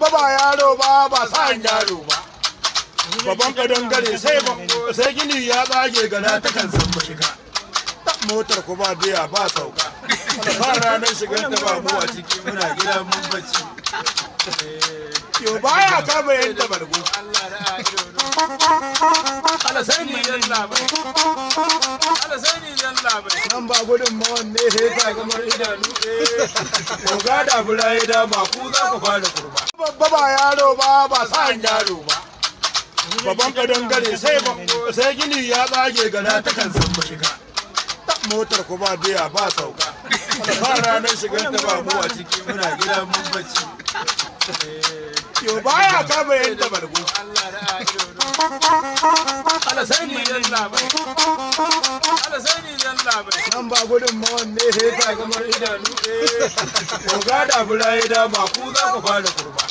babba ba yaro ba ba sa yaro ba babban gadon gare sai sai gini ya bage gana ta kan san shiga motar ku ba biya ba sauka ba ranar shigar ta ba mu a ciki muna gida mun bacci yo baya kama yadda bargo Allah sai ni yan labai Allah sai ni dan labai nan ba gudun ma ne sai ka kamar idanu eh ko ga da bura ya ba ku za ku fara kurba babba ba yaro ba ba sa yaro ba babban gadon gare sai gini ya bage gada ta kan san shiga motar ku ba biya ba sauka ba ranar shigar ta ba mu a ciki muna gidan mun bacci yo baya kama yadda bargo Allah sai ni yan labai Allah sai ni yan labai nan ba gudun mawan ne sai ta kamar idanu eh ko ga da buraye da ba ku za ku fara kurba